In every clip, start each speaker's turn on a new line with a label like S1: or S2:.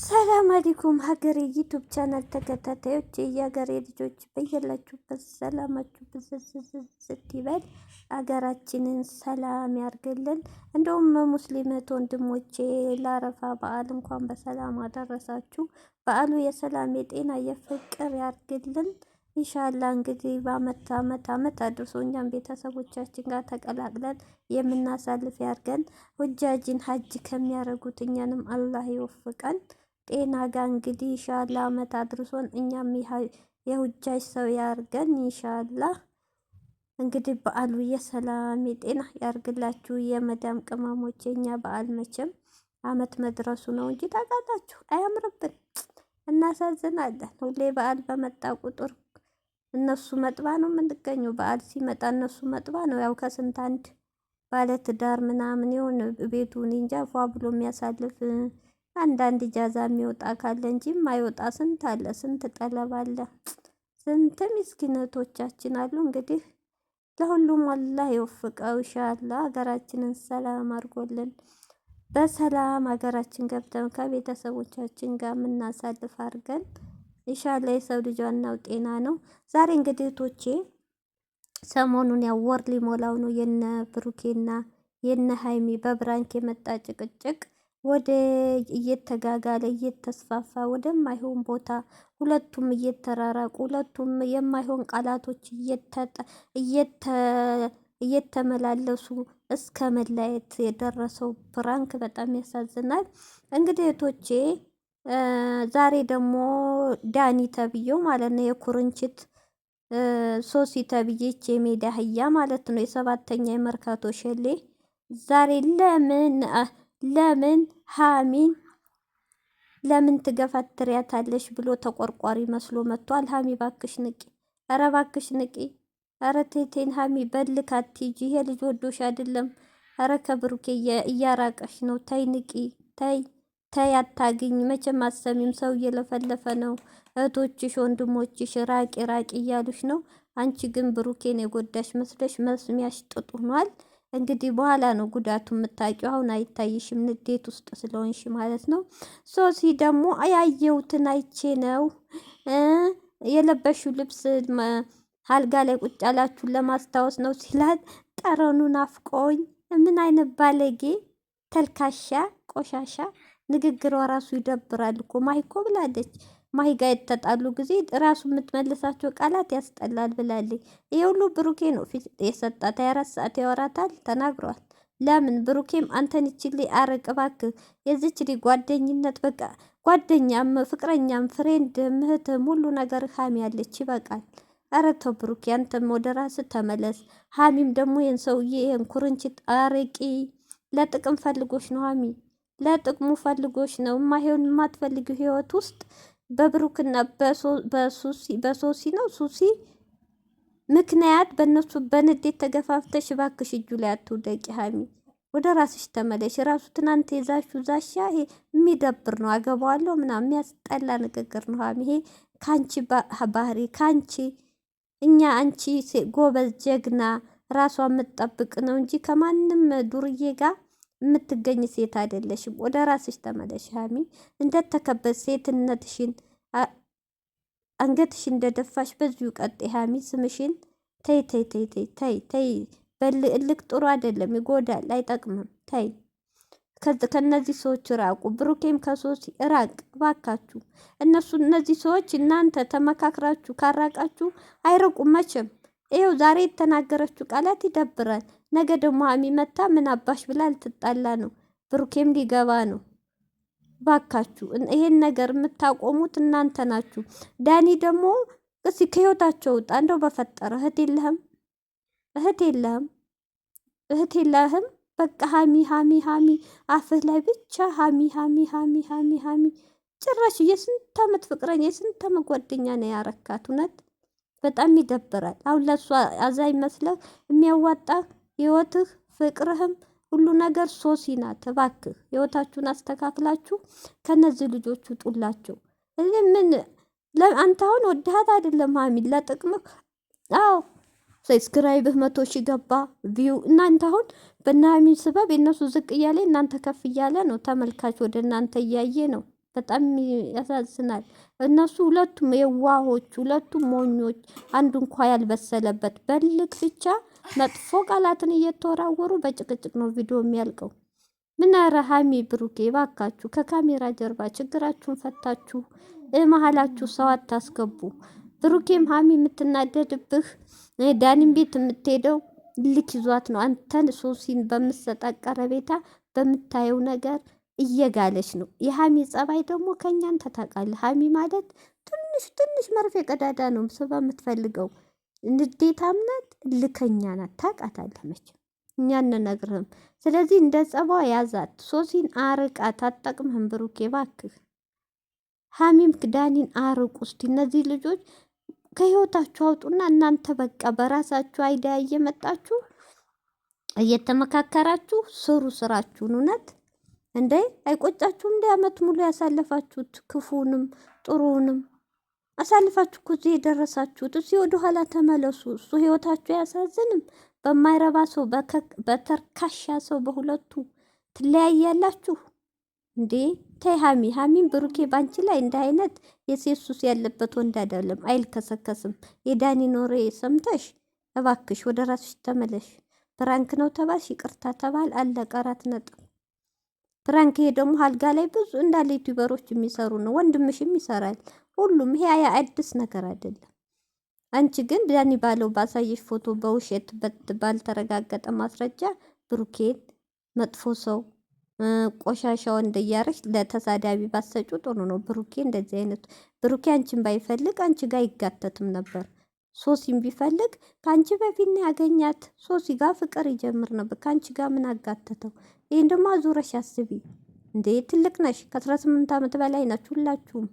S1: ሰላም አለይኩም ሀገሬ ዩቱብ ቻናል ተከታታዮች የሀገሬ ልጆች በየላችሁበት ሰላማችሁ ብዝዝዝት ይበል። ሀገራችንን ሰላም ያርግልን። እንደውም ሙስሊም እህት ወንድሞቼ ለአረፋ በዓል እንኳን በሰላም አደረሳችሁ። በዓሉ የሰላም የጤና የፍቅር ያርግልን። ኢንሻላ እንግዲህ በአመት አመት አመት አድርሶ እኛም ቤተሰቦቻችን ጋር ተቀላቅለን የምናሳልፍ ያርገን ሁጃጅን ሀጅ ከሚያደርጉት እኛንም አላህ ይወፍቀን። ጤና ጋር እንግዲህ ኢንሻላ አመት አድርሶን እኛም የሁጃጅ ሰው ያርገን። ኢንሻላ እንግዲህ በዓሉ የሰላም የጤና ያርግላችሁ። የመዳም ቅመሞች የኛ በዓል መቼም አመት መድረሱ ነው እንጂ ታውቃላችሁ፣ አያምርብን፣ እናሳዝናለን። ሁሌ በዓል በመጣ ቁጥር እነሱ መጥባ ነው የምንገኘው። በዓል ሲመጣ እነሱ መጥባ ነው። ያው ከስንት አንድ ባለት ዳር ምናምን የሆነ ቤቱ እንጃ ፏ ብሎ የሚያሳልፍ አንዳንድ ጃዛ የሚወጣ ካለ እንጂ የማይወጣ ስንት አለ፣ ስንት ጠለብ አለ፣ ስንት ምስኪነቶቻችን አሉ። እንግዲህ ለሁሉም አላህ ይወፍቀው ይሻላ። ሀገራችንን ሰላም አድርጎልን በሰላም ሀገራችን ገብተን ከቤተሰቦቻችን ጋር የምናሳልፍ አድርገን ይሻለ የሰው ልጅ ዋናው ጤና ነው። ዛሬ እንግዲህ እህቶቼ ሰሞኑን ያው ወር ሊሞላው ነው የነ ብሩኬና የነ ሀይሚ በብራንክ የመጣ ጭቅጭቅ ወደ እየተጋጋለ እየተስፋፋ ወደማይሆን ቦታ ሁለቱም እየተራራቁ ሁለቱም የማይሆን ቃላቶች እየተመላለሱ እስከ መለያየት የደረሰው ብራንክ በጣም ያሳዝናል። እንግዲህ እህቶቼ ዛሬ ደግሞ ዳኒ ተብዬው ማለት ነው የኩርንችት ሶሲ ተብዬች የሜዳ አህያ ማለት ነው የሰባተኛ የመርካቶ ሸሌ ዛሬ ለምን ለምን ሀሚን ለምን ትገፋትሪያታለሽ ብሎ ተቆርቋሪ መስሎ መጥቷል። ሀሚ ባክሽ ንቂ፣ ኧረ ባክሽ ንቂ፣ ኧረ ቴቴን ሀሚ በልክ አትሂጂ። ይሄ ልጅ ወዶሽ አይደለም፣ ኧረ ከብሩኬ እያራቀሽ ነው። ተይ ንቂ፣ ተይ። ተይ አታግኝ፣ መቼም አሰሚም ሰው እየለፈለፈ ነው። እህቶችሽ ወንድሞችሽ ራቂ ራቂ እያሉሽ ነው። አንቺ ግን ብሩኬን የጎዳሽ መስለሽ መስሚያሽ ጥጥ ሆኗል። እንግዲህ በኋላ ነው ጉዳቱ የምታውቂው። አሁን አይታይሽም፣ ንዴት ውስጥ ስለሆንሽ ማለት ነው። ሶሲ ደግሞ ያየሁትን አይቼ ነው የለበሹ ልብስ አልጋ ላይ ቁጭ ያላችሁን ለማስታወስ ነው ሲላት፣ ጠረኑን አፍቆኝ ምን አይነት ባለጌ ተልካሻ ቆሻሻ ንግግሯ ራሱ ይደብራል እኮ ማሂ እኮ ብላለች። ማሂ ጋር የተጣሉ ጊዜ ራሱ የምትመልሳቸው ቃላት ያስጠላል ብላለች። ይሄ ሁሉ ብሩኬ ነው ፊት የሰጣት። አራት ሰዓት ያወራታል ተናግሯል። ለምን ብሩኬም አንተን ይችል አረቅ እባክህ የዚች ጓደኝነት በቃ ጓደኛም ፍቅረኛም ፍሬንድ ምህትም ሁሉ ነገር ሀሚ ያለች ይበቃል። ኧረ ተው ብሩኬ፣ አንተም ወደ ራስህ ተመለስ። ሀሚም ደግሞ ይህን ሰውዬ ይህን ኩርንችት አረቂ ለጥቅም ፈልጎች ነው ሀሚ ለጥቅሙ ፈልጎች ነው። የማይሆን የማትፈልጊው ህይወት ውስጥ በብሩክና በሶሲ ነው ሱሲ ምክንያት በእነሱ በንዴት ተገፋፍተሽ እባክሽ እጁ ላይ አትውደቂ ሀሚ። ወደ ራስሽ ተመለሽ። ራሱ ትናንት የዛሹ ዛሻ ይሄ የሚደብር ነው። አገባዋለሁ ምናምን የሚያስጠላ ንግግር ነው ሀሚ። ይሄ ከአንቺ ባህሪ ከአንቺ እኛ አንቺ ጎበዝ ጀግና ራሷ የምትጠብቅ ነው እንጂ ከማንም ዱርዬ ጋር የምትገኝ ሴት አይደለሽም። ወደ ራስሽ ተመለሽ ሀሚ። እንደተከበድ ሴትነትሽን አንገትሽ እንደደፋሽ በዚሁ ቀጥ ሀሚ። ስምሽን ተይ ተይ ተይ ተይ ተይ ተይ። በልዕልቅ ጥሩ አይደለም፣ ይጎዳል፣ አይጠቅምም። ተይ ከነዚህ ሰዎች ራቁ። ብሩኬም ከሶስት ራቅ ባካችሁ። እነሱ እነዚህ ሰዎች እናንተ ተመካክራችሁ ካራቃችሁ አይረቁም መቼም። ይኸው ዛሬ የተናገረችው ቃላት ይደብራል። ነገ ደግሞ ሀሚ መታ ምን አባሽ ብላ ልትጣላ ነው። ብሩኬም ሊገባ ነው። ባካችሁ ይሄን ነገር የምታቆሙት እናንተ ናችሁ። ዳኒ ደግሞ እሲ ከህይወታቸው ውጣ እንደው በፈጠረ እህት የለህም፣ እህት የለህም፣ እህት የለህም። በቃ ሀሚ ሀሚ ሀሚ አፍህ ላይ ብቻ ሀሚ ሀሚ ሀሚ ሀሚ ሀሚ። ጭራሽ የስንት አመት ፍቅረኛ የስንት አመት ጓደኛ ነው ያረካት። እውነት በጣም ይደብራል። አሁን ለእሷ አዛኝ መስለህ የሚያዋጣ ህይወትህ፣ ፍቅርህም ሁሉ ነገር ሶሲ ናት። እባክህ ህይወታችሁን አስተካክላችሁ ከነዚህ ልጆች ውጡላቸው። እዚህ ምን አንተ አሁን ወድሃት አይደለም ሀሚል ለጥቅምህ። አዎ ሰብስክራይብህ መቶ ሺ ገባ ቪው። እናንተ አሁን በእነ ሀሚል ስበብ የእነሱ ዝቅ እያለ እናንተ ከፍ እያለ ነው። ተመልካች ወደ እናንተ እያየ ነው። በጣም ያሳዝናል። እነሱ ሁለቱም የዋሆች፣ ሁለቱም ሞኞች፣ አንዱ እንኳ ያልበሰለበት በልክ ብቻ መጥፎ ቃላትን እየተወራወሩ በጭቅጭቅ ነው ቪዲዮ የሚያልቀው። ምን ኧረ ሀሚ ብሩኬ ባካችሁ ከካሜራ ጀርባ ችግራችሁን ፈታችሁ መሀላችሁ ሰው አታስገቡ። ብሩኬም ሀሚ የምትናደድብህ ዳኒም ቤት የምትሄደው ልክ ይዟት ነው። አንተን ሶሲን በምትሰጣት ቀረቤታ በምታየው ነገር እየጋለች ነው። የሀሚ ጸባይ ደግሞ ከእኛን ተታቃለ። ሀሚ ማለት ትንሽ ትንሽ መርፌ ቀዳዳ ነው ስባ የምትፈልገው። ንዴታም ናት፣ ልከኛ ናት። ታውቃታለህ መቼም እኛ እንነግርህም። ስለዚህ እንደ ጸባ ያዛት። ሶሲን አርቃት፣ አትጠቅምህም። ብሩኬ እባክህ ሀሚም ክዳኒን አርቁ። እስቲ እነዚህ ልጆች ከህይወታችሁ አውጡና እናንተ በቃ በራሳችሁ አይዲያ እየመጣችሁ እየተመካከራችሁ ስሩ ስራችሁን እውነት እንዴ አይቆጫችሁም? እንደ አመት ሙሉ ያሳለፋችሁት ክፉንም ጥሩንም አሳልፋችሁ እኮ እዚህ የደረሳችሁት። ወደ ኋላ ተመለሱ። እሱ ህይወታችሁ አያሳዝንም? በማይረባ ሰው፣ በተርካሻ ሰው በሁለቱ ትለያያላችሁ እንዴ? ተይ ሀሚ ሀሚን ብሩኬ ባንቺ ላይ እንደ አይነት የሴት ሱስ ያለበት ወንድ አይደለም፣ አይልከሰከስም። የዳኒ ኖሬ ሰምተሽ እባክሽ ወደ ራስሽ ተመለሽ። ብራንክ ነው ተባልሽ፣ ይቅርታ ተባል፣ አለቀ አራት ነጥብ። ፍራንክ ይሄ ደግሞ አልጋ ላይ ብዙ እንዳለ ዩቲዩበሮች የሚሰሩ ነው። ወንድምሽም ይሰራል። ሁሉም ይሄ አያ አዲስ ነገር አይደለም። አንቺ ግን ዳኒ ባለው ባሳየሽ ፎቶ በውሸት ባልተረጋገጠ ማስረጃ ብሩኬን መጥፎ ሰው ቆሻሻው እንደያረሽ ለተሳዳቢ ባሰጩ ጥሩ ነው። ብሩኬ እንደዚህ አይነቱ ብሩኬ አንቺን ባይፈልግ አንቺ ጋር አይጋተትም ነበር። ሶሲም ቢፈልግ ከአንቺ በፊት ነው ያገኛት። ሶሲ ጋር ፍቅር ይጀምር ነበር። ከአንቺ ጋር ምን አጋተተው? ይህን ደግሞ አዙረሽ አስቢ እንዴ! ትልቅ ነሽ። ከአስራ ስምንት ዓመት በላይ ናችሁ ሁላችሁም።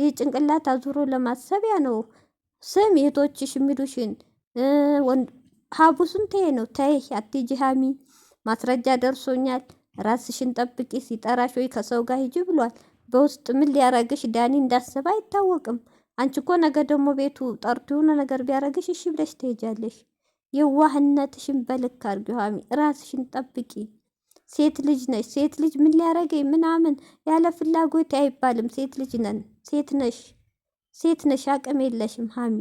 S1: ይህ ጭንቅላት አዙሮ ለማሰቢያ ነው። ስም የቶችሽ የሚሉሽን ወንድ ሀቡስን ተይ ነው ተይ፣ አትሂጂ ሀሚ። ማስረጃ ደርሶኛል። ራስሽን ጠብቂ። ሲጠራሽ ወይ ከሰው ጋር ሂጂ ብሏል። በውስጥ ምን ሊያረግሽ ዳኒ እንዳሰበ አይታወቅም። አንቺ እኮ ነገ ደግሞ ቤቱ ጠርቶ የሆነ ነገር ቢያደርግሽ እሺ ብለሽ ትሄጃለሽ። የዋህነትሽን በልክ አድርጊው ሀሚ፣ ራስሽን ጠብቂ። ሴት ልጅ ነሽ። ሴት ልጅ ምን ሊያደርገኝ ምናምን ያለ ፍላጎት አይባልም። ሴት ልጅ ነን። ሴት ነሽ፣ ሴት ነሽ። አቅም የለሽም ሀሚ።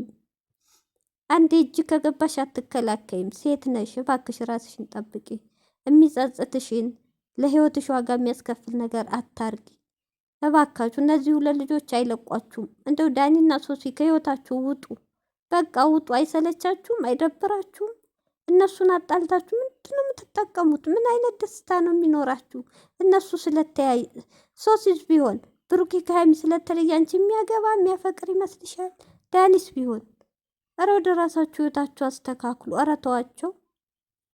S1: አንዴ እጅ ከገባሽ አትከላከይም። ሴት ነሽ። እባክሽ ራስሽን ጠብቂ። የሚጸጽትሽን ለህይወትሽ ዋጋ የሚያስከፍል ነገር አታርጊ። እባካችሁ እነዚህ ሁለት ልጆች አይለቋችሁም። እንደው ዳኒና ሶሲ ከህይወታችሁ ውጡ፣ በቃ ውጡ። አይሰለቻችሁም? አይደብራችሁም? እነሱን አጣልታችሁ ምንድን ነው የምትጠቀሙት? ምን አይነት ደስታ ነው የሚኖራችሁ? እነሱ ስለተያይ ሶሲስ ቢሆን ብሩኬ ከሀይሚ ስለተለየ አንቺ የሚያገባ የሚያፈቅር ይመስልሻል? ዳኒስ ቢሆን እረ ወደ ራሳችሁ ህይወታችሁ አስተካክሉ። እረ ተዋቸው።